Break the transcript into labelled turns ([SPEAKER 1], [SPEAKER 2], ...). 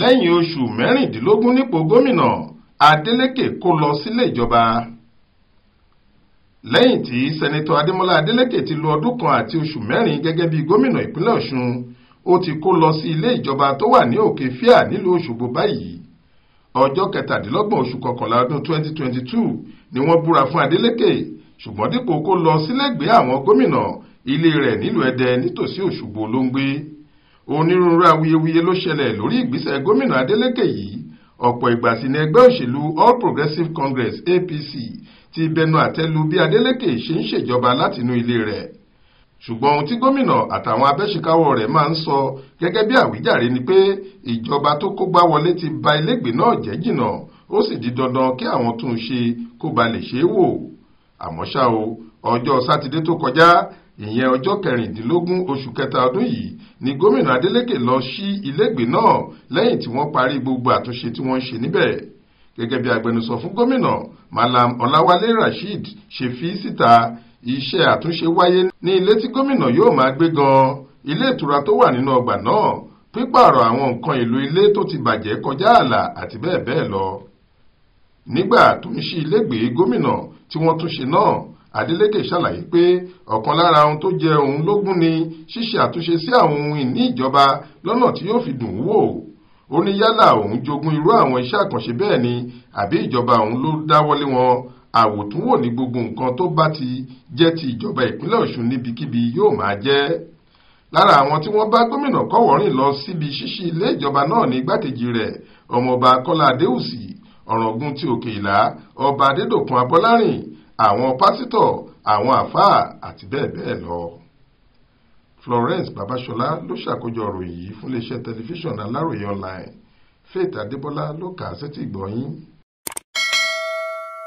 [SPEAKER 1] lẹ́yìn oṣù mẹ́rìndínlógún nípò gómìnà Adeleke kó lọ sílé ìjọba lẹ́yìn tí sẹ́nitọ́ Adémọ́lá Adeleke ti lo ọdún kan àti oṣù mẹ́rin gẹ́gẹ́ bí gómìnà ìpínlẹ̀ Ọ̀ṣun ó ti kó lọ sí ilé ìjọba tó wà ní Òkè Fíà nílùú Òṣogbo báyìí ọjọ́ kẹtàdínlọ́gbọ̀n oṣù kọkànlá ọdún 2022 ni wọ́n búra fún Adeleke ṣùgbọ́n dípò kó lọ sílégbèé àwọn gómìnà ilé rẹ̀ nílùú Ẹdẹ nítòsí Òṣogbo ló ń gbé onírúurú awuyewuye ló ṣẹlẹ̀ lórí ìgbésẹ̀ gómìnà Adeleke yìí ọ̀pọ̀ ìgbà sì ni ẹgbẹ́ òṣèlú All Progressives Congress APC ti bẹnu àtẹ́lu bí Adeleke ṣe ń ṣèjọba látinú ilé rẹ̀ ṣùgbọ́n ohun tí gómìnà àtàwọn abẹ́ṣekáwọ́ rẹ̀ máa ń sọ gẹ́gẹ́ bí àwíjàre ni pé ìjọba tó kógbá wọlé ti ba ilégbèé náà jẹ́ jìnnà ó sì di dandan kí àwọn tún un ṣe kó ba lè ṣe wò àmọ́ ṣá o ọjọ́ sátidé tó kọjá ìyẹn ọjọ́ kẹrìndínlógún oṣù kẹta ọdún yìí ni gómìnà Adeleke lọ sí ilégbèé náà lẹ́yìn tí wọ́n parí gbogbo àtúnṣe tí wọ́n ń ṣe níbẹ̀ gẹ́gẹ́ bí agbẹnusọ fún gómìnà Malam Ọláwálé Rasheed ṣe fi síta iṣẹ́ àtúnṣe wáyé ní ilé tí gómìnà yóò máa gbé gan ilé ìtura tó wà nínú ọgbà náà pípààrọ̀ àwọn nǹkan èlò ilé tó ti bàjẹ́ kọjá ààlà àti bẹ́ẹ̀ bẹ́ẹ̀ lọ nígbà tó ń ṣí ilégbèé gómìnà tí wọ́n tún ṣe náà Adeleke ṣàlàyé pé ọ̀kan lára ohun tó jẹ òun lógún ni ṣíṣe àtúnṣe sí àwọn ohun ìní ìjọba lọ́nà tí yóò fi dùn ún wò ó ní yálà òun jogún irú àwọn iṣẹ́ àkànṣe bẹ́ẹ̀ ni àbí ìjọba òun ló dáwọ́lé wọn àwòtúnwò ní gbogbo nǹkan tó bá ti jẹ́ ti ìjọba ìpínlẹ̀ Ọ̀ṣun níbikíbi yóò máa jẹ́ lára àwọn tí wọ́n bá gómìnà Kọ́wọ̀rìn lọ síbi ṣíṣí ilé ìjọba náà ní igbákejì rẹ̀ ọmọọba Kọ́lá Adéùsì ọ̀ràngún ti òkè ìlà ọba adédọ̀kun abọ́lárìn àwọn pásítọ̀ àwọn àfáà àti bẹ́ẹ̀ bẹ́ẹ̀ lọ. Florence Babasola ló ṣàkójọ ọ̀rọ̀ yìí fún iléeṣẹ́ tẹlifíṣàn Aláròye online Faith Adébọ́lá ló kà á sétí ìgbọ́